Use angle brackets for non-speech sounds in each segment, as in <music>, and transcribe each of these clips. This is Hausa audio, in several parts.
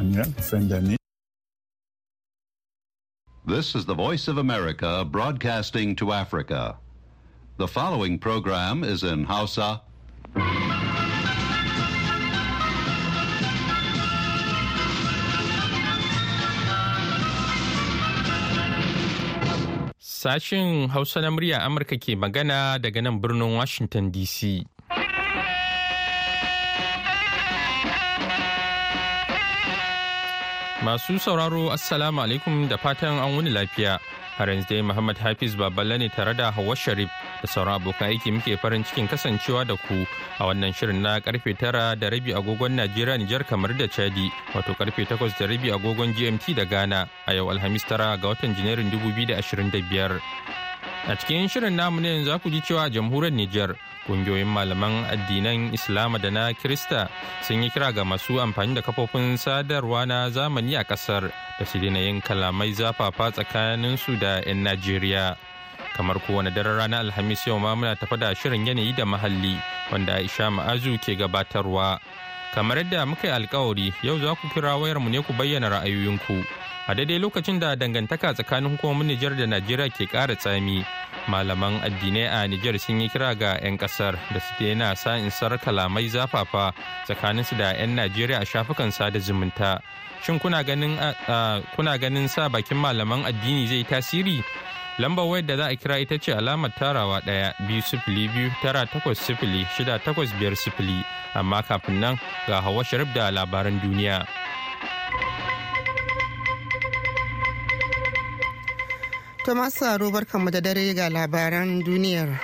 annuelle fin d'année. This is the Voice of America broadcasting to Africa. The following program is in Hausa. Sashin Hausa na murya Amurka ke magana daga nan birnin Washington DC. Masu sauraro Assalamu alaikum da fatan an wuni lafiya. Har yanzu dai Muhammad Hafiz Baballe ne tare da Hawwa Sharif da sauran abokan aiki muke farin cikin kasancewa da ku a wannan shirin na karfe tara da rabi agogon Najeriya Nijar kamar da Chadi wato karfe takwas da rabi agogon GMT da Ghana a yau Alhamis tara ga watan Janairun 2025. A cikin shirin namu ne yanzu ku ji cewa jamhuriyar Nijar Ƙungiyoyin malaman addinan Islama da na Kirista sun yi kira ga masu amfani da kafofin sadarwa na zamani a ƙasar da su daina yin kalamai zafafa tsakanin su da 'yan Najeriya. Kamar kowane daren ranar Alhamis yau ma muna tafa da shirin yanayi da muhalli wanda Aisha Ma'azu ke gabatarwa. Kamar yadda muka yi alkawari yau za ku kira mu ne ku bayyana ra'ayoyinku. A daidai lokacin da dangantaka tsakanin hukumomin Nijar da Najeriya ke ƙara tsami malaman addinai a Nijar sun yi kira ga 'yan kasar da su daina sa'insar kalamai zafafa tsakaninsu da 'yan Najeriya a shafukan sada zumunta. Shin kuna ganin sa bakin malaman addini zai tasiri? Lambar wayar da za a kira ita ce alamar tarawa ɗaya biyu sifili biyu tara takwas sifili shida takwas biyar sifili amma kafin nan ga hawa sharif da labaran duniya. To masu saro barkanmu da dare ga labaran duniyar.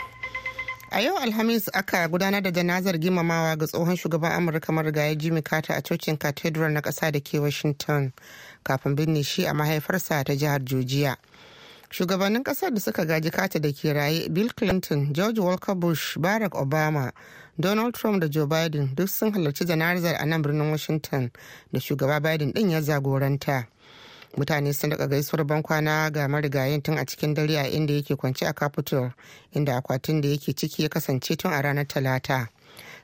A yau Alhamis aka gudanar da janazar gimamawa ga tsohon shugaban Amurka marigayi Jimmy Carter a cocin Cathedral na ƙasa da ke Washington kafin binne shi a mahaifarsa ta jihar Georgia. Shugabannin ƙasar da suka gaji kata da ke raye Bill Clinton, George Walker Bush, Barack Obama, Donald Trump da Joe Biden duk sun halarci janazar a nan birnin Washington da shugaba Biden ɗin ya zagoranta. mutane sun daga gaisuwar bankwana ga marigayin tun a cikin dare a inda yake kwance a capitol inda akwatin da yake ciki ya kasance tun a ranar talata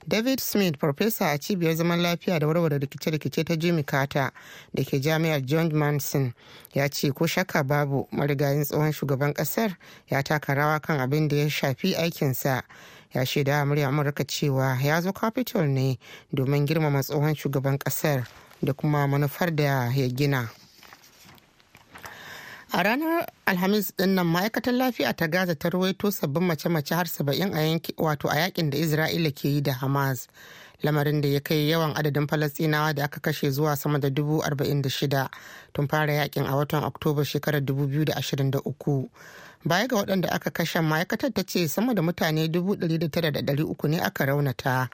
david smith farfesa a cibiyar zaman lafiya da warware rikice-rikice ta jimmy carter da ke jami'ar john manson ya ce ko shakka babu marigayin tsohon shugaban kasar ya taka rawa kan abin da ya shafi aikinsa ya shaida a murya amurka cewa ya zo capitol ne domin girmama tsohon shugaban kasar da kuma manufar da ya gina A ranar Alhamis din nan ma'aikatar lafiya ta Gaza ta ruwaito sabbin mace-mace har saba'in a yanki wato a yakin da Isra'ila ke yi da Hamas. Lamarin da ya kai yawan adadin Falastinawa da aka kashe zuwa sama da dubu arba'in da shida tun fara yakin a watan Oktoba shekarar dubu biyu da ashirin da uku. Baya ga waɗanda aka kashe ma'aikatar ta ce sama da mutane dubu ɗari da tara da ɗari uku ne aka raunata.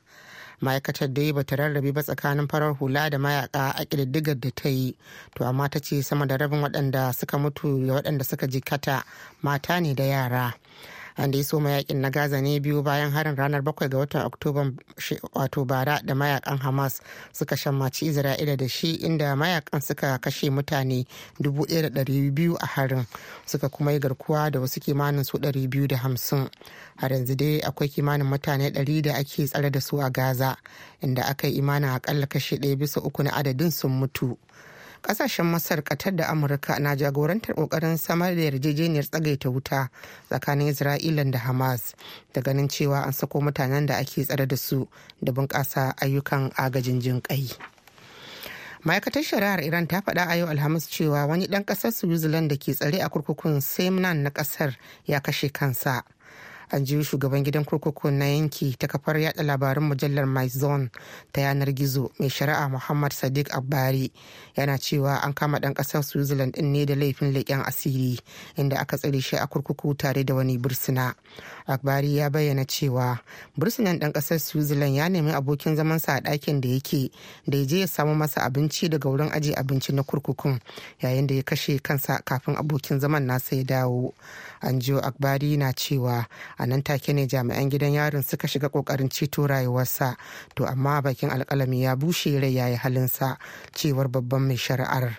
ma'aikatar dai bata rarrabe ba tsakanin farar hula da mayaka a ƙididdigar da ta yi to amma ta ce sama da rabin waɗanda suka mutu da waɗanda suka jikata mata ne da yara an dai so yakin na gaza ne biyu bayan harin ranar 7 ga watan oktoba wato bara da mayakan hamas suka shammaci isra'ila da shi inda mayakan suka kashe mutane 1,200 a harin suka kuma yi garkuwa da wasu kimanin su 250 har yanzu dai akwai kimanin mutane 100 da ake tsare da su a gaza inda aka yi imanin akalla kashe ɗaya bisa uku na adadin sun mutu kasashen masar katar da amurka na jagorantar kokarin samar da yarjejeniyar tsagaita wuta tsakanin isra'ila da hamas da ganin cewa an sako mutanen da ake tsare da su da bunƙasa ayyukan agajin jinƙai. ma'aikatar shari'ar iran ta faɗa a yau alhamis cewa wani ɗan ƙasar switzerland da ke tsare a kurkukun semnan na ƙasar ya kashe kansa an ji shugaban gidan kurkuku na yanki ta kafar yada labarin mujallar my zone ta yanar gizo mai shari'a muhammad sadiq abbari yana cewa an kama dan kasar switzerland din ne da laifin leƙen asiri inda aka tsare shi a kurkuku tare da wani bursuna abbari ya bayyana cewa bursunan dan kasar switzerland ya nemi abokin zamansa a ɗakin da yake da ya je ya samu masa abinci daga wurin ajiye abinci na kurkukun yayin da ya kashe kansa kafin abokin zaman nasa ya dawo anjo akbari na cewa a nan take ne jami'an gidan yarin suka shiga kokarin ceto rayuwarsa to amma bakin alkalami ya bushe rai yayi halinsa cewar babban mai shari'ar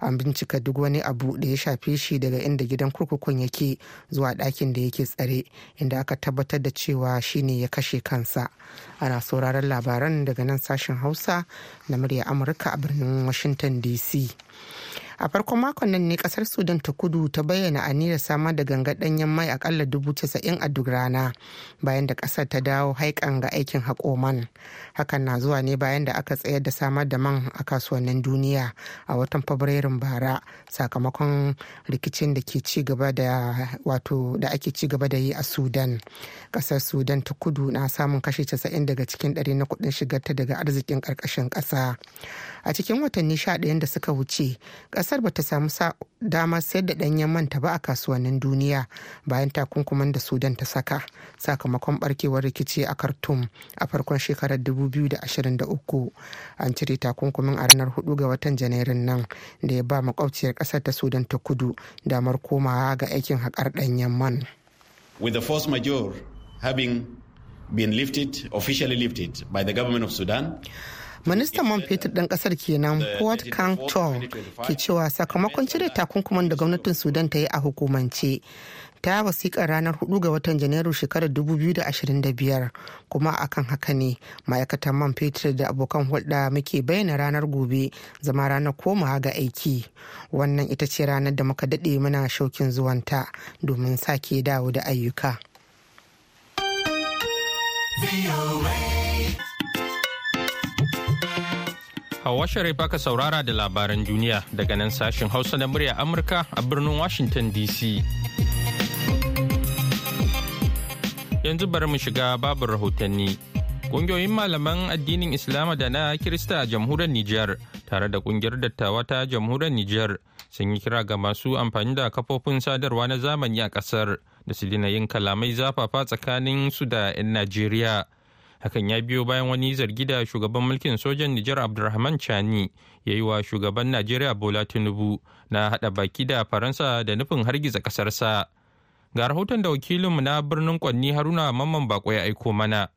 an bincika duk wani abu da ya shafe shi daga inda gidan kurkukun yake zuwa ɗakin da yake tsare inda aka tabbatar da cewa shine ya kashe kansa ana sauraron labaran daga nan sashen hausa na murya amurka a birnin washington dc a farkon makon nan ne kasar sudan ta kudu ta bayyana aniyar samar da ganga danyen mai akalla dubu casa'in a duk rana bayan da kasar ta dawo haikan ga aikin hakoman hakan na zuwa ne bayan da aka tsayar da samar da man a kasuwannin duniya a watan fabrairun bara sakamakon rikicin da ke ci gaba da wato da ake ci gaba da yi a sudan kasar sudan ta kudu na samun kashi casa'in daga cikin ɗari na kuɗin shigarta daga arzikin ƙarƙashin ƙasa a cikin watanni sha ɗayan da suka wuce ƙasar ba ta samu damar sayar da ɗanyen manta ba a kasuwannin duniya bayan takunkuman da sudan ta saka sakamakon barkewar rikici a khartoum a farkon shekarar 2023 an cire takunkumin a ranar hudu ga watan janairun nan da ya ba makwabciyar ƙasar ta sudan ta kudu damar komawa ga aikin haƙar ɗanyen man with the force major having been lifted officially lifted by the government of sudan ministan man fetur ɗan ƙasar kenan port kang tong ke cewa sakamakon cire takunkuman da gwamnatin sudan ta yi a hukumance ta wasiƙar ranar 4 ga watan janairu shekarar 2025 kuma akan haka ne ma'aikatan man fetur da abokan hulɗa muke bayyana ranar gobe zama ranar komawa ga aiki wannan ita ce ranar da muka daɗe muna shaukin zuwanta domin sake dawo da ayyuka. Hawa Sharif ka saurara da labaran duniya daga nan sashin Hausa na murya Amurka a birnin Washington DC. Yanzu bari mu shiga babu rahotanni. Ƙungiyoyin malaman addinin Islama da na Kirista a jamhuriyar Nijar tare da ƙungiyar dattawa ta jamhuriyar Nijar sun yi kira ga masu amfani da kafofin sadarwa na zamani a ƙasar da su dina yin kalamai zafafa tsakanin su da 'yan Najeriya. hakan ya biyo bayan wani zargi da shugaban mulkin sojan nijar abdulrahman chani ya yi wa shugaban najeriya bola tinubu na hada baki da faransa da nufin hargiza kasarsa ga rahoton da wakilinmu na birnin kwanni haruna mamman bako ya aiko mana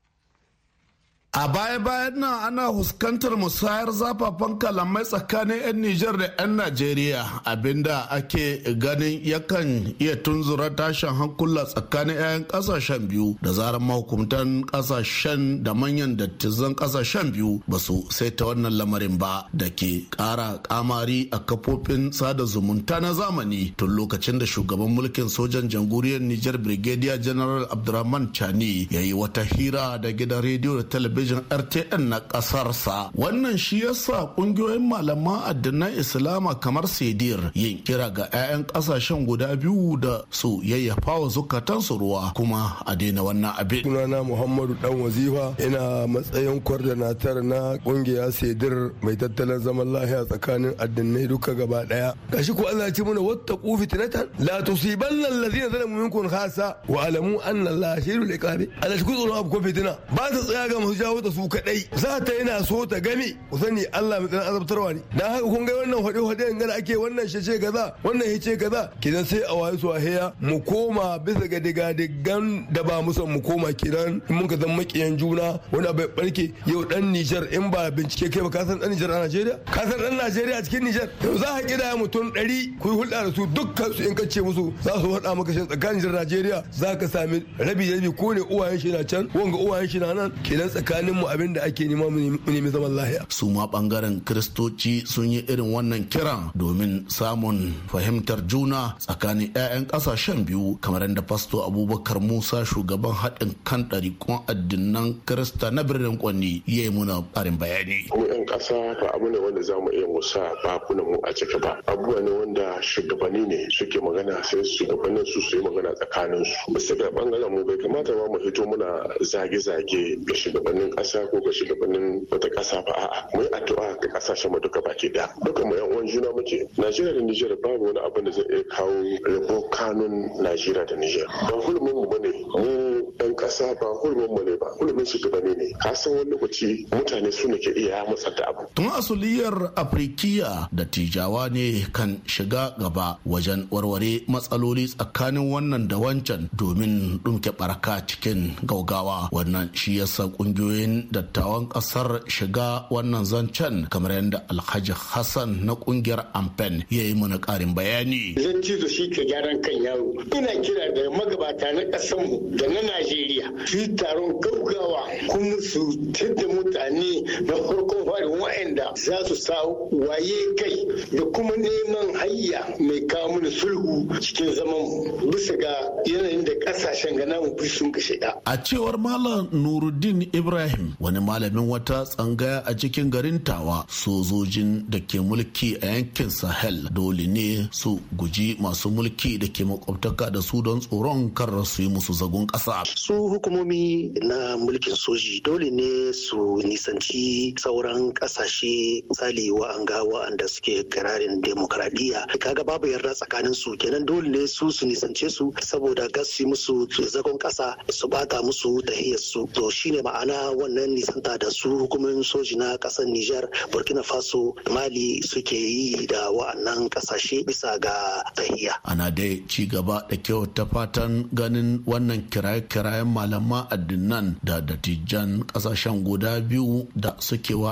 A baya-bayan nan ana fuskantar musayar zafafan kalamai tsakanin 'yan Nijar da 'yan Najeriya abinda ake ganin yakan iya tunzura tashin hankula tsakanin 'yan kasashen biyu da zarar mahukuntan kasashen da manyan dattizan kasashen biyu ba su ta wannan lamarin ba da ke kara kamari a kafofin sada zumunta na zamani tun lokacin da shugaban mulkin sojan jamhuriyar Nijar Brigadier General Abdurrahman Chani ya yi wata hira da gidan rediyo da talabijin talabijin rtn na ƙasarsa wannan shi yasa ƙungiyoyin malaman addinan islama kamar sedir yin kira ga 'ya'yan kasashen guda biyu da su yayyafa wa zukatansu ruwa kuma a daina wannan abin sunana muhammadu dan wazifa ina matsayin kwardanatar na ƙungiya sedir mai tattalin zaman lahiya tsakanin addinai duka gaba daya gashi ko Allah ya ce mana wattaqu fitnatan la tusibanna allazina zalamu minkum khasa wa alamu anna allaha shadidul iqabi Allah shi ku fitina ba ta tsaya ga masu jawo dawo da su kadai za ta yana so ta gani ku sani Allah mai tsanan azabtarwa ne dan haka kun ga wannan hade hade ga ake wannan shece kaza wannan hice kaza kidan sai a wayi su a heya mu koma bisa ga diga digan da ba mu san mu koma kidan in muka zan makiyan juna wani abu barke yau dan Niger in ba bincike kai ba ka san dan Niger a Najeriya ka san dan Najeriya a cikin Niger yau za ka kida mutum 100 ku hulɗa da su dukkan su in ka ce musu za su faɗa maka shin tsakanin Niger Najeriya za ka sami rabi rabi ko ne uwayen shi na can wanga uwayen shi na nan kidan tsakanin halin mu abin da ake nema mu nemi zaman lahiya su ma bangaren kristoci sun yi irin wannan kiran domin samun fahimtar juna tsakanin 'ya'yan kasashen biyu kamar da fasto abubakar musa shugaban haɗin kan ɗarikun addinan krista na birnin kwanni ya yi muna bayani mu 'yan ƙasa ba abu ne wanda za mu iya musa bakunan mu a ciki ba abubuwa ne wanda shugabanni ne suke magana sai shugabannin su su yi magana tsakanin su bisa ga bangaren mu bai kamata ba mu hito muna zage-zage ga shugabannin ƙasa ko ga shugabannin wata kasa ba a'a mai yi addu'a ga ƙasashen mu duka baki da duka mu yan uwan juna muke Najeriya da Nijar babu wani abin da zai iya kawo rabo kanun Najeriya da Niger ba hurumin mu bane mu kasa ba hurumin mu ne ba hurumin gaba ne ka san wani lokaci mutane su ne ke iya masa da abu tun asuliyar afirikiya da tijawa ne kan shiga gaba wajen warware matsaloli tsakanin wannan da wancan domin dumke baraka cikin gaugawa wannan shi yasa kungiyoyin dattawan kasar shiga wannan zancen kamar yadda alhaji hassan na kungiyar amfen ya yi mana karin bayani zan ci shi ke gyaran kan yaro ina kira da magabata na kasanmu da na najeriya tarayya shi taron gaugawa kuma su tada mutane na farkon fari wa'anda za su sa waye kai da kuma neman hayya mai kawo mana sulhu cikin zaman bisa ga yanayin da kasashen gana mu sun kashe da. a cewar malam nuruddin ibrahim wani malamin wata tsangaya a cikin garin tawa sojojin da ke mulki a yankin sahel dole ne su guji masu mulki da ke makwabtaka da su don tsoron kar su yi musu zagon ƙasa su hukumomi na mulkin soji dole ne su nisanci sauran kasashe Sali wa'anga wa'anda suke kararin demokradiyya kaga babu yarda tsakanin su kenan dole ne su su nisance su saboda gasi musu zagon kasa su bata musu tahiyar su to shine ma'ana wannan nisanta da su hukumomin soji na kasar Nijar Burkina Faso Mali suke yi da wa'annan kasashe bisa ga tahiya ana dai ci gaba da kyau ta fatan ganin wannan kiraye-kirayen malaman addinan da dattijan kasashen guda biyu da sukewa wa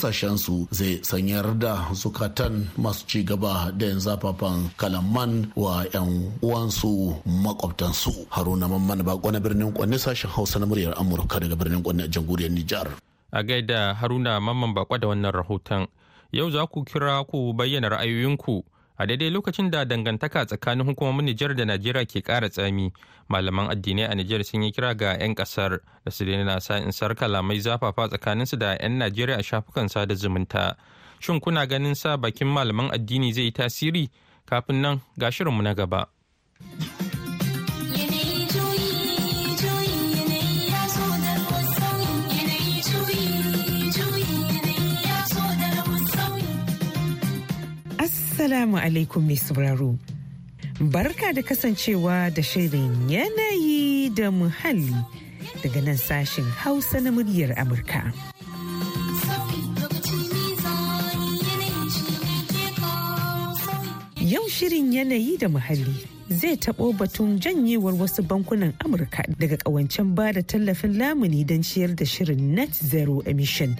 'ya'yan su zai sanyar da zukatan masu ci gaba da yin zafafan kalaman wa 'yan uwansu makwabtansu haruna mamman bako na birnin kwanne sashen hausa na muryar amurka daga birnin kwanne a jamhuriyar nijar a gaida haruna mamman bako da wannan rahoton yau za ku kira ku bayyana ra'ayoyinku a daidai lokacin da dangantaka tsakanin hukumomin Nijar da Najeriya ke ƙara tsami malaman addinai a Nijar sun yi kira ga 'yan ƙasar da su daina sa in kalamai zafafa tsakanin su da 'yan Najeriya a shafukan sada zumunta shin kuna ganin sa bakin malaman addini zai yi tasiri kafin nan ga shirinmu na gaba. Assalamu alaikum mai sauraro. Barka da kasancewa da shirin yanayi da muhalli daga nan sashen Hausa na muryar Amurka. Yau shirin yanayi da muhalli zai taɓo batun janyewar wasu bankunan Amurka daga ƙawancen ba da tallafin lamuni don ciyar da shirin net zero emission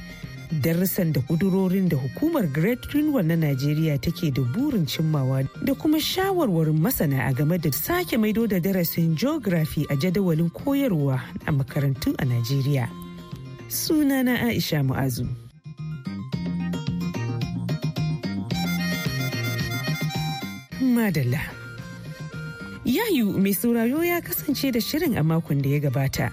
darussan da kudurorin da hukumar great greenwald na najeriya take da burin cimmawa da kuma shawarwarin masana a game da sake maido da darasin geography a jadawalin koyarwa a makarantu a najeriya sunana aisha mu'azu madalla yayu mai sauraro ya kasance da shirin a makon da ya gabata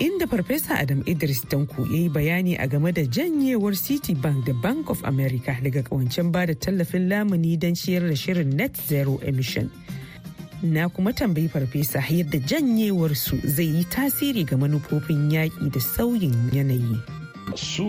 inda Farfesa Adam Idris Danku ya yi bayani a game da janyewar Citibank da Bank of America daga kawancen ba da tallafin lamuni don ciyar da shirin net zero emission. Na kuma tambayi Farfesa yadda janyewar su zai yi tasiri ga manufofin yaƙi da sauyin yanayi. Su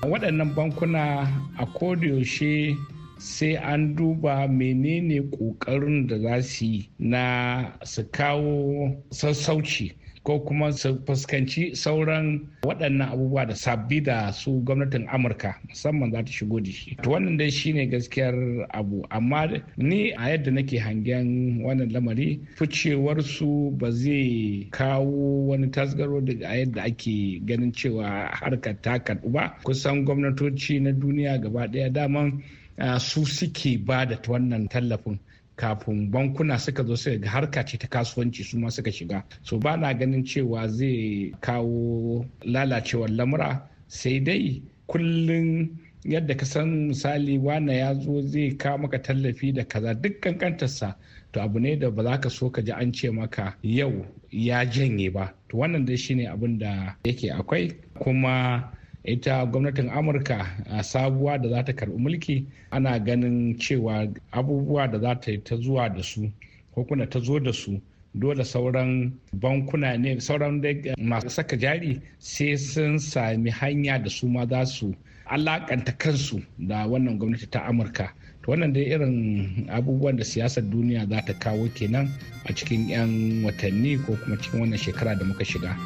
waɗannan bankuna a yaushe sai an duba menene ƙoƙarin da za su yi na su kawo sassauci ko kuma su fuskanci sauran waɗannan abubuwa da sabbi da su gwamnatin amurka musamman za ta shigo da shi to wannan dai shine gaskiyar abu amma ni a yadda nake hangen wannan lamari ficewar su ba zai kawo wani tasgaro daga a yadda ake ganin cewa harkar ta karɓu ba kusan gwamnatoci na duniya gaba ɗaya daman ah, su suke ba da wannan tallafin kafin bankuna suka zo suka ga harka ce ta kasuwanci su ma suka shiga so ba na ganin cewa zai kawo lalacewar lamura sai dai kullum yadda ka san misali wane ya zo zai kawo maka tallafi da kaza duk kankantarsa to abu ne da ba za ka so ka ji an ce maka yau ya janye ba to wannan dai shine abin da yake akwai kuma ita gwamnatin amurka a sabuwa da za ta karbi mulki ana ganin cewa abubuwa da za ta yi ta zuwa da su ko kuna ta zo da su dole sauran bankuna ne sauran eh, masu saka jari sai sun sami hanya da su ma za su alakanta kansu da wannan gwamnati ta amurka to wannan dai irin abubuwan da siyasar duniya za ta kawo kenan a cikin 'yan watanni ko kuma cikin wannan shekara da muka shiga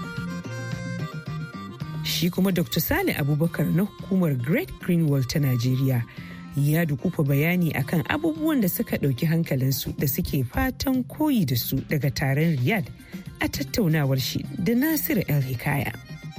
Shi kuma Dr. sani Abubakar na hukumar Great Greenwald ta Najeriya ya dukufa bayani akan abubuwan da suka ɗauki hankalinsu da suke fatan koyi da su daga taron Riyad a tattaunawar shi da Nasiru El Hikaya.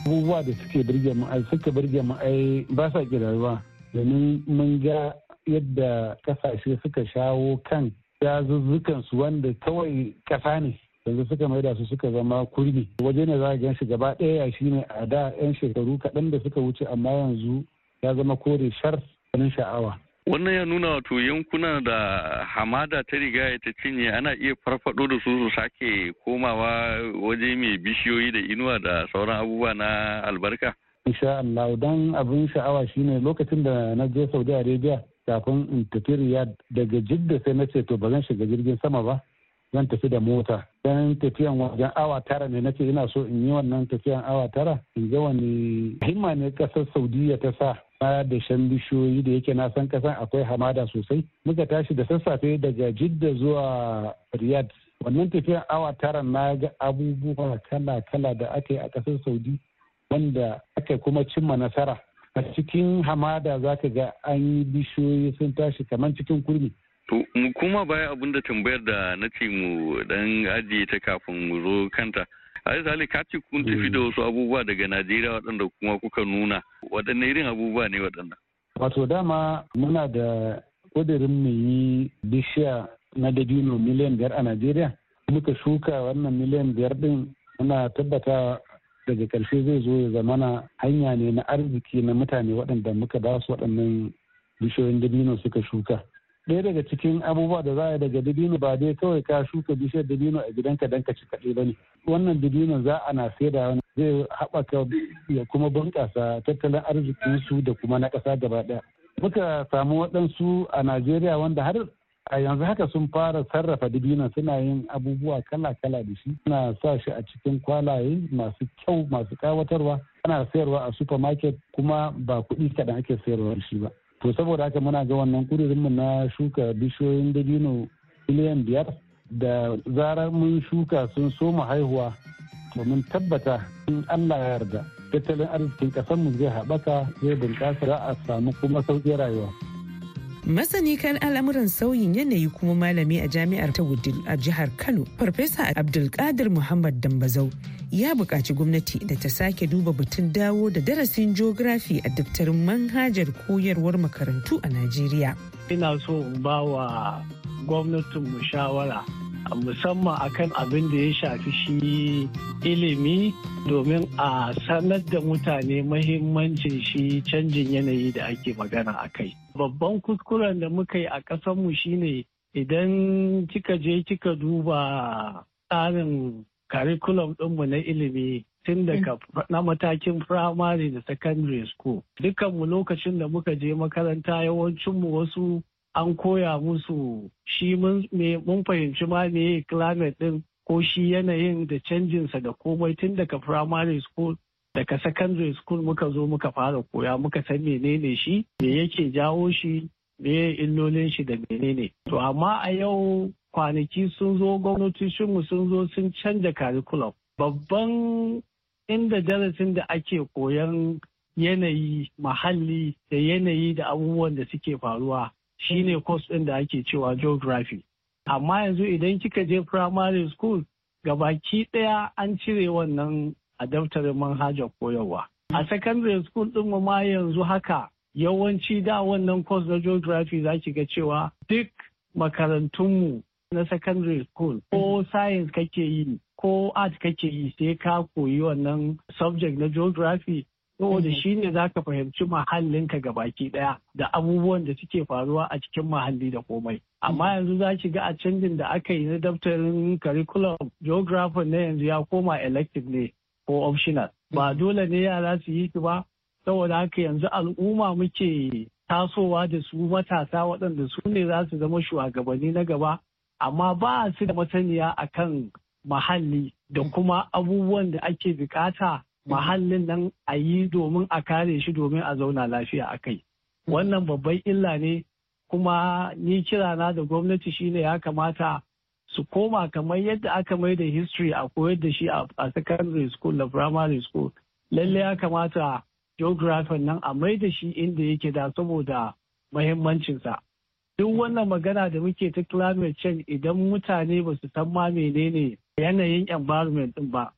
Abubuwa da suke birge ma'ai suka birge ma'ai ba sa kirarwa domin mun ga yadda kasashe suka shawo kan yazuzzukansu wanda kawai kasa ne yanzu suka maida su suka zama kurmi waje ne za a gan shi gaba ɗaya shi ne a da 'yan shekaru kaɗan da suka wuce amma yanzu ya zama kore shar ganin sha'awa wannan ya nuna wato yankuna da hamada ta riga ya ta cinye ana iya farfado da su su sake komawa waje mai bishiyoyi da inuwa da sauran abubuwa na albarka insha Allah dan abin sha'awa shine lokacin da na je Saudi Arabia kafin in tafi Riyadh daga Jidda sai na ce to ba zan shiga jirgin sama ba zan tafi da mota dan tafiyan wajen awa tara ne nace ina so in yi wannan tafiyan awa tara in ga wani himma ne kasar saudiya ta sa na da shan bishiyoyi da yake na san kasan akwai hamada sosai muka tashi da sassafe daga jidda zuwa Riyad. wannan tafiyan awa tara na ga abubuwa kala kala da aka yi a kasar saudi wanda aka kuma cimma nasara a cikin hamada za ka ga an yi bishiyoyi sun tashi kamar cikin kurmi To, mu kuma baya abin da tambayar da na ce mu dan ajiye ta kafin mu zo kanta. yi Sali, ka ce kun tafi da wasu abubuwa daga Najeriya waɗanda kuma kuka nuna. Waɗanne irin abubuwa ne waɗanda. Wato dama muna da ƙudurin mu yi bishiya na dabino miliyan biyar a Najeriya. Muka shuka wannan miliyan biyar ɗin muna tabbata daga ƙarshe zai zo ya zamana hanya ne na arziki na mutane waɗanda muka ba su waɗannan bishiyoyin dabino suka shuka. ɗaya daga cikin abubuwa da za a yi daga dibino. ba dai kawai ka shuka bishiyar dabino a gidanka don ka ci kaɗai ba ne wannan dabino za a na saida wani zai haɓaka ya kuma bunƙasa tattalin arzikin su da kuma na ƙasa gaba ɗaya muka samu waɗansu a najeriya wanda har a yanzu haka sun fara sarrafa dabino suna yin abubuwa kala-kala da shi suna sa shi a cikin kwalaye masu kyau masu ƙawatarwa. ana sayarwa a supermarket kuma ba kuɗi kaɗan ake sayarwa shi ba to saboda haka muna ga wannan kudurinmu na shuka bishiyoyin dabino miliyan biyar da zarar mun shuka sun soma haihuwa to mun tabbata in allah ya yarda tattalin arzikin ƙasarmu zai haɓaka zai bunƙasa za a samu kuma sauƙin rayuwa Masani kan al'amuran sauyin yanayi kuma malami a jami'ar ta Wudil a jihar Kano, Farfesa Abdulkadir Muhammad Dambazau ya buƙaci gwamnati da ta sake duba batun dawo da darasin geography a daftarin manhajar koyarwar makarantu a Najeriya. Ina so in ba wa gwamnatinmu shawara musamman akan abin da ya shafi shi ilimi domin a sanar da mutane mahimmancin shi canjin yanayi da ake magana a kai. Babban kuskuren da muka yi a ƙasanmu shine idan kika je kika duba tsarin curriculum ɗinmu na ilimi tun daga mm. na matakin firamare da secondary school. Dukanmu lokacin da muka je makaranta yawancinmu wasu an koya musu shi mun fahimci ma me climate din ko shi yanayin da canjinsa da komai tun daga primary school daga secondary school muka zo muka fara koya muka san menene shi me yake jawo shi me illolin shi da menene to amma a yau kwanaki sun zo gwamnati mu sun zo sun canja curriculum babban inda darasin da ake koyan yanayi mahalli da yanayi da abubuwan da suke faruwa shine course ɗin da ake cewa geography amma yanzu idan kika je primary school gabaki ɗaya an cire wannan a daftarin manhajar koyarwa a secondary school ɗin ma yanzu haka yawanci da wannan course na geography za ki ga cewa duk makarantunmu na secondary school ko science kake yi ko art kake yi sai ka koyi wannan subject na geography saboda mm-hmm. shi ne za ka fahimci mahallinka gabaki daya da abubuwan da suke faruwa a cikin mahalli da komai amma mm-hmm. yanzu za ki ga a canjin da aka yi na daftarin curriculum geographer na yanzu ya koma elective ne ko optional ba mm-hmm. dole ne yara su yi ba saboda haka yanzu al'umma muke tasowa da su matasa waɗanda su ne za su zama shugabanni na gaba amma ba su da masaniya akan mahalli da kuma abubuwan da ake bukata mahallin nan a yi domin a kare shi domin a zauna lafiya a kai hmm. wannan babban illa ne kuma ni kirana da gwamnati shine ya kamata su koma kamar yadda aka mai da history a koyar da shi a secondary school da primary school lalle ya kamata geographer nan a mai da shi inda yake da saboda mahimmancinsa duk wannan magana da muke ta climate change idan mutane ba su san ma menene yanayin environment din ba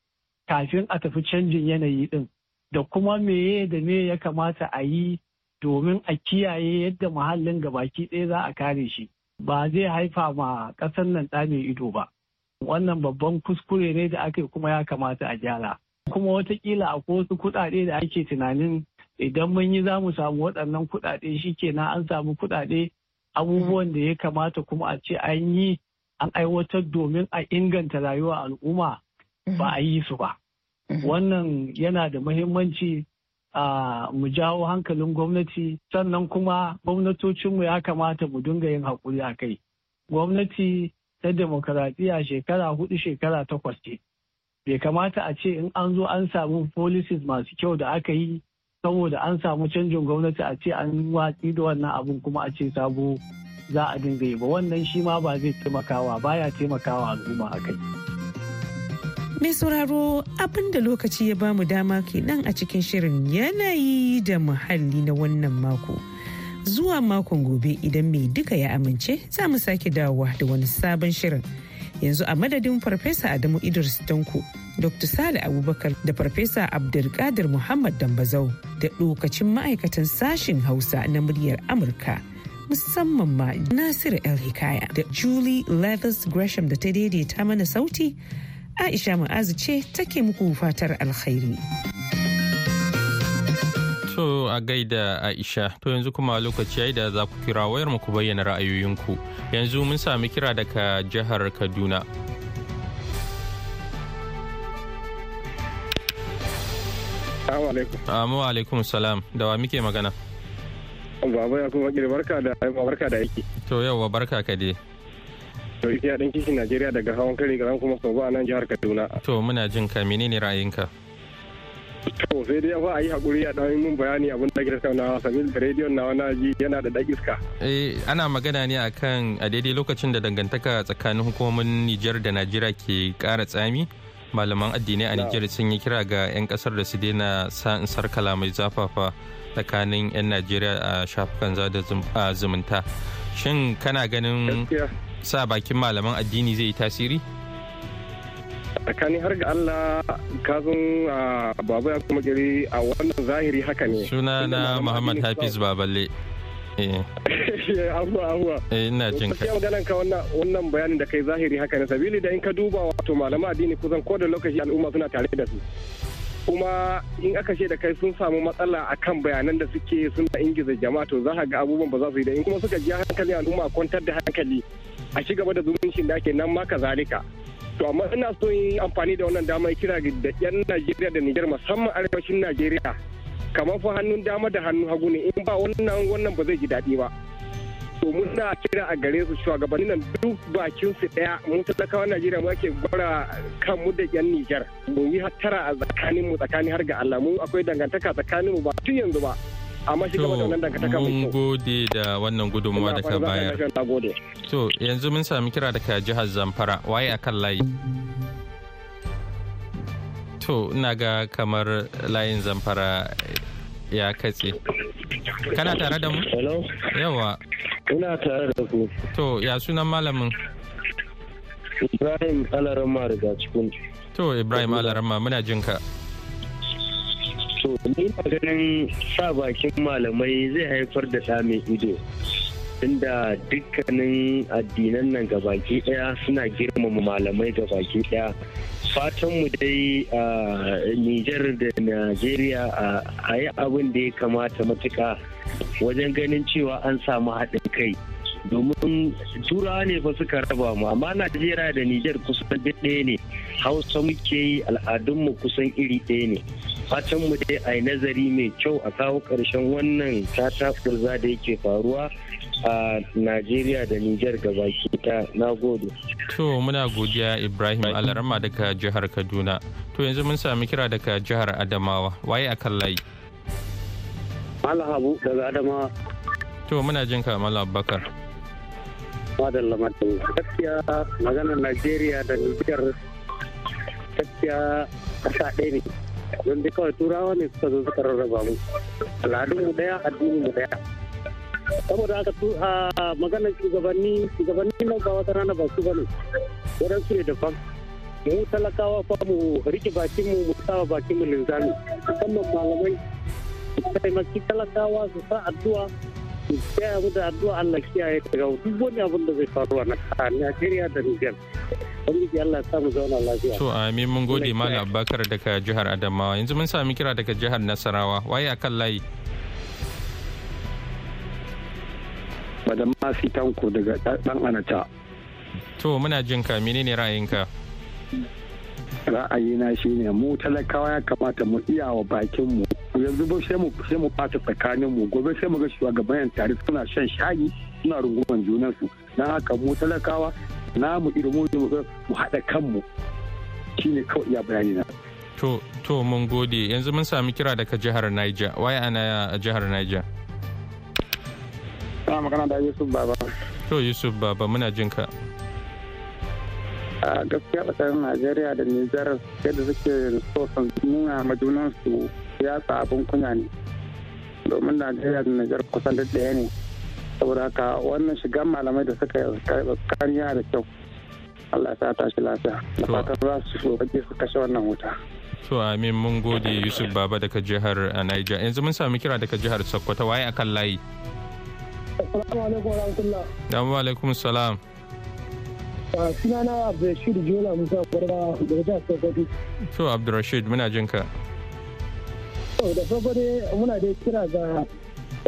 kafin a tafi canjin yanayi ɗin da kuma meye da me ya kamata a yi domin a kiyaye yadda muhallin gabaki ɗaya za a kare shi ba zai haifa ma ƙasar nan ɗa mai ido ba wannan babban kuskure ne da aka kuma ya kamata a gyara kuma watakila a wasu kuɗaɗe da ake tunanin idan mun yi za mu samu waɗannan kuɗaɗe shi kenan an samu kuɗaɗe abubuwan da ya kamata kuma a ce an yi an aiwatar domin a inganta rayuwar al'umma ba a yi su ba Mm-hmm. wannan yana da mahimmanci mu jawo hankalin gwamnati sannan kuma gwamnatocinmu ya kamata mu dinga yin haƙuri a kai gwamnati ta demokaradiyya shekara hudu shekara takwas ce bai kamata a ce in an zo an samu policies masu kyau da aka yi saboda an samu canjin gwamnati a ce an watsi da wannan abin kuma a ce sabo za a dinga yi ba wannan shi ma ba zai taimakawa baya taimakawa al'umma a kai. Mai sauraro abin da lokaci ya bamu dama kenan a cikin shirin yanayi da muhalli na wannan mako. Zuwa makon gobe idan mai duka ya amince za mu sake dawowa da wani sabon shirin. Yanzu a madadin Farfesa Adamu Idris Danko, Dr. Sale Abubakar da Farfesa Abdulkadir Muhammad Dambazau da lokacin ma'aikatan sashin Hausa na muryar Amurka. musamman ma Nasiru El Hikaya da Julie Leathers Gresham da ta daidaita mana sauti Aisha Mu'azu ce take muku fatar alkhairi. To a gaida Aisha, to yanzu kuma lokaci yi da za ku kira wayar muku ku bayyana ra'ayoyinku. Yanzu mun sami kira daga jihar Kaduna. Assalamu alaikum. salam. Da wa muke magana? Baba ya kuma barka da barka da aiki. To yau barka ka dai. to isiya ɗan kishin najeriya daga hawan kare garan kuma sau ba a nan jihar kaduna to muna jin ka menene ra'ayinka to sai dai ba a yi hakuri a ɗan mun bayani abin da ke na sabil da rediyon na wani ji yana da ɗan iska eh ana magana ne akan a daidai lokacin da dangantaka tsakanin hukumomin Nijar da Najeriya ke ƙara tsami malaman addinai a Nijar sun yi kira ga 'yan kasar da su daina sa'in sarkala mai zafafa tsakanin 'yan Najeriya a shafukan zada zumunta shin kana ganin sa bakin malaman addini zai yi tasiri tsakani har ga Allah kazin ah, baba ya kuma gari a wannan zahiri haka ne suna na Muhammad Hafiz Baballe eh. <laughs> abuwa abuwa eh, ina jin ka maganan ka wannan bayanin da kai zahiri haka ne sabili da in ka duba wato malaman addini kusan ko da lokaci al'umma suna tare da su kuma in aka ce da kai sun samu matsala akan bayanan da suke suna ingiza jama'a to za ga abubuwan ba za su yi da in kuma suka ji hankali al'umma kwantar da hankali a ci gaba da zumuncin da ake nan ma kazalika to amma ina so yin amfani da wannan damar kira da yan najeriya da niger musamman arewacin najeriya kamar fa hannun dama da hannun hagu ne in ba wannan wannan ba zai ji daɗi ba to muna kira a gare su shugabannin nan duk bakin su daya mu talakawa Najeriya mu ake gwara kanmu da yan Niger mu yi hattara a tsakanin mu tsakanin har ga Allah mu akwai dangantaka tsakanin mu ba tun yanzu ba amma shi da wannan dangantaka mun gode da wannan gudunmawa da ka bayar to yanzu mun sami kira daga jihar zamfara waye akan layi to ina ga kamar layin zamfara ya katse kana tare da mu yawa ina tare da ku to ya sunan malamin ibrahim alarama daga cikin to ibrahim alarama muna jinka to ni ba ganin sa bakin malamai zai haifar da samun ido inda dukkanin addinan nan gabaki daya suna girmama malamai ga gabaki daya fatanmu dai a Niger da Nigeria a yi abin da ya kamata matuka wajen ganin cewa an samu haɗin kai. domin turawa ne ba suka raba mu amma najeriya da niger kusan ɗaya ne hausa muke yi al'adunmu kusan iri ɗaya ne fatan mu dai a yi nazari mai kyau a kawo ƙarshen wannan furza da yake faruwa a najeriya da niger baki ta na gode to muna godiya ibrahim alarama daga jihar kaduna to yanzu mun sami kira daga jihar adamawa waye a kan layi Malam Habu daga Adamawa. To muna jin ka Malam Bakar. Madalla madalla. Gaskiya maganar Najeriya da Nijar gaskiya ƙasa ɗaya ne. Don dai kawai turawa ne suka zo suka rarraba mu. Al'adunmu ɗaya, mu ɗaya. saboda haka tu a maganar shugabanni shugabanni nan ba wata rana ba su bane waɗansu ne fam. mu talakawa fa mu rike bakin mu mu sa bakin mu linzami musamman malamai su taimaki talakawa su sa addu'a ya mu da addu'a Allah kiyaye daga duk wani abin da zai faru a Najeriya da Niger ubangiji Allah samu zauna lafiya to amin mun gode malam Abubakar daga jihar Adamawa yanzu mun sami kira daga jihar Nasarawa waye akan layi Madam Masi Tanko daga dan Anata to muna jin ka menene ra'ayinka ra'ayina ne mu talakawa ya kamata mu iya wa bakinmu yanzu ba sai mu sai mu bata tsakanin mu gobe sai mu ga shugaban yan tare suna shan shayi suna rungumar junan su na haka mu talakawa na mu iri mu mu haɗa kanmu shine kawai iya bayani na to to mun gode yanzu mun sami kira daga jihar Niger waye ana a jihar Niger Ana magana da Yusuf Baba. To Yusuf Baba muna jin ka. a gaskiya tsakanin najeriya da nijar yadda suke so san nuna ma ya sa abin kunya ne domin najeriya da nijar kusan duk ɗaya ne saboda haka wannan shigan malamai da suka tsakanin da kyau allah ta tashi lafiya da fatan za su shugabaki su kashe wannan wuta to amin mun gode yusuf baba daga jihar uh, niger yanzu mun sami kira daga jihar sokoto waye akan layi assalamu alaikum wa rahmatullah alaikum salam sunana Abdulrashid Jola Musa Kwarba daga jihar Sokoto. To muna jin ka. To da farko muna dai kira ga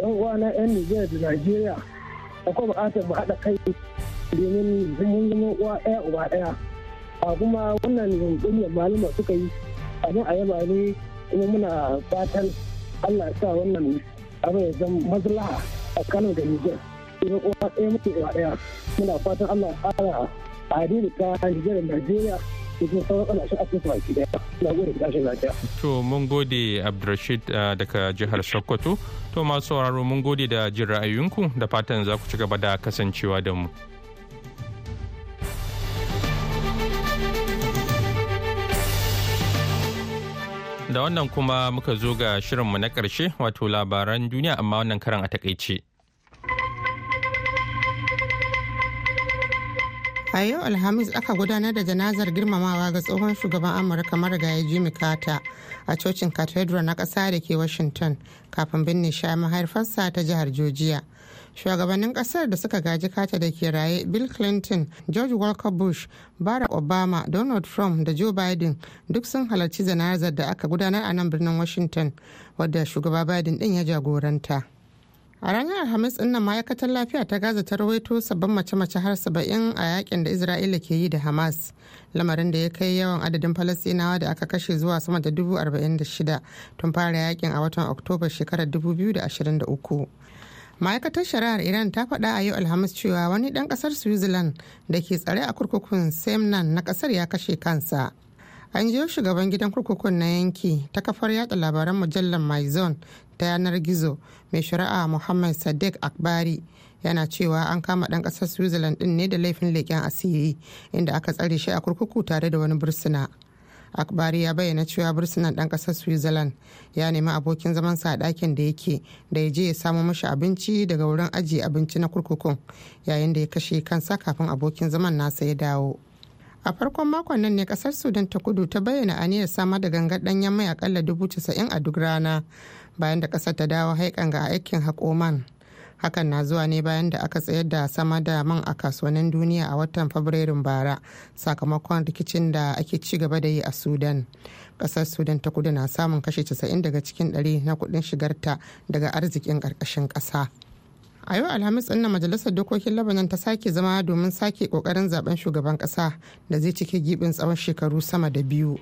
yan uwa na ƴan Nijar da Najeriya akwai buƙatar mu haɗa kai domin mun zama uwa ɗaya uba ɗaya. A kuma wannan yunƙuri da malama suka yi abin a yaba ne kuma muna fatan Allah sa wannan abin ya zama maslaha a Kano da Nijar. Uwa ɗaya muke uwa ɗaya. Muna fatan Allah ya ƙara Amerika, da gode da To mun gode Abdulrashid uh, daga jihar Sokoto. To masu sauraro mun gode da jin ra'ayoyinku da fatan za ku ci gaba da kasancewa da mu. Da wannan kuma muka zo ga shirinmu na ƙarshe wato labaran duniya amma wannan karan a takaice. a yau alhamis aka gudanar da janazar girmamawa ga tsohon shugaban amurka marigayi jimmy carter a cocin cathedral na ƙasa da ke washington kafin binne sha mahaifarsa ta jihar georgia shugabannin kasar da suka gaji kata da ke raye bill clinton george walker bush barack obama donald trump da joe biden duk sun halarci zanazar da aka gudanar a nan birnin washington wadda shugaba biden din ya jagoranta a ranar alhamis ɗin ma'aikatar lafiya ta gaza ta rawaito sabbin mace-mace har saba'in a yakin da isra'ila ke yi da hamas lamarin da ya kai yawan adadin falasinawa da aka kashe zuwa sama da dubu da shida tun fara yakin a watan oktoba shekarar 2023. ma'aikatar shari'ar iran ta faɗa a yau alhamis cewa wani ɗan ƙasar switzerland da ke tsare a kurkukun semnan na ƙasar ya kashe kansa an jiyo shugaban gidan kurkukun na yanki ta kafar yatsa labaran mujallar maizon ta yanar gizo mai shari'a muhammad sadiq akbari yana cewa an kama ɗan ƙasar switzerland din ne da laifin leƙen asiri inda aka tsare shi a kurkuku tare da wani bursuna akbari ya bayyana cewa bursunan ɗan ƙasar switzerland ya nemi abokin zamansa a ɗakin da yake da ya je ya samo mashi abinci daga wurin ajiye abinci na kurkukun yayin da ya kashe kansa kafin abokin zaman nasa ya dawo a farkon makon nan ne kasar sudan ta kudu ta bayyana aniyar samar da gangar ɗanyen mai akalla dubu casa'in a duk rana bayan da ƙasar ta dawo haikan ga aikin haƙoman hakan na zuwa ne bayan da aka tsayar da sama da man a kasuwannin duniya a watan fabrairun bara sakamakon rikicin da ake ci gaba da yi a sudan kasar sudan ta kudu na samun kashe 90 daga cikin 100 na kudin shigarta daga arzikin karkashin ƙasa. a yau alhamis ɗin majalisar dokokin lebanon ta sake zama domin sake kokarin zaben shugaban kasa da zai cike gibin tsawon shekaru sama da biyu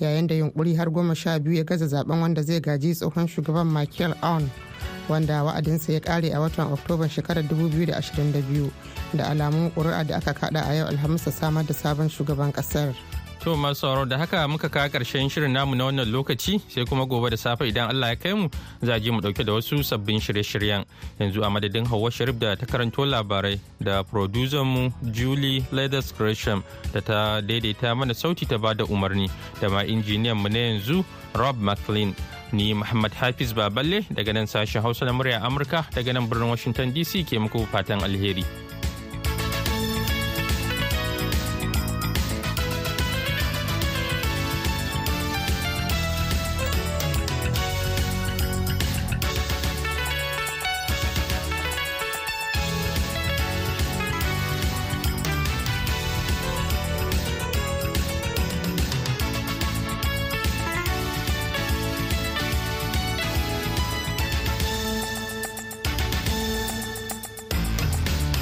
yayin da yunkuri har goma sha biyu ya gaza zaben wanda zai gaji tsohon shugaban michael aun wanda wa'adinsa ya kare a watan oktoba shekarar 2022 da alamun ƙuri'a da aka kada a yau alhamis samar da sabon shugaban ƙasar. To masu da haka muka kawo ƙarshen shirin namu na wannan lokaci sai kuma gobe da safe idan Allah ya kai mu za mu dauke da wasu sabbin shirye-shiryen. Yanzu a madadin Hauwa Sharif da ta karanto labarai da producer mu Julie Leathers Gresham da ta daidaita mana sauti ta bada umarni da ma injiniyan mu na yanzu Rob McLean. Ni Muhammad Hafiz Baballe daga nan sashen Hausa na murya Amurka daga nan birnin Washington DC ke muku fatan alheri.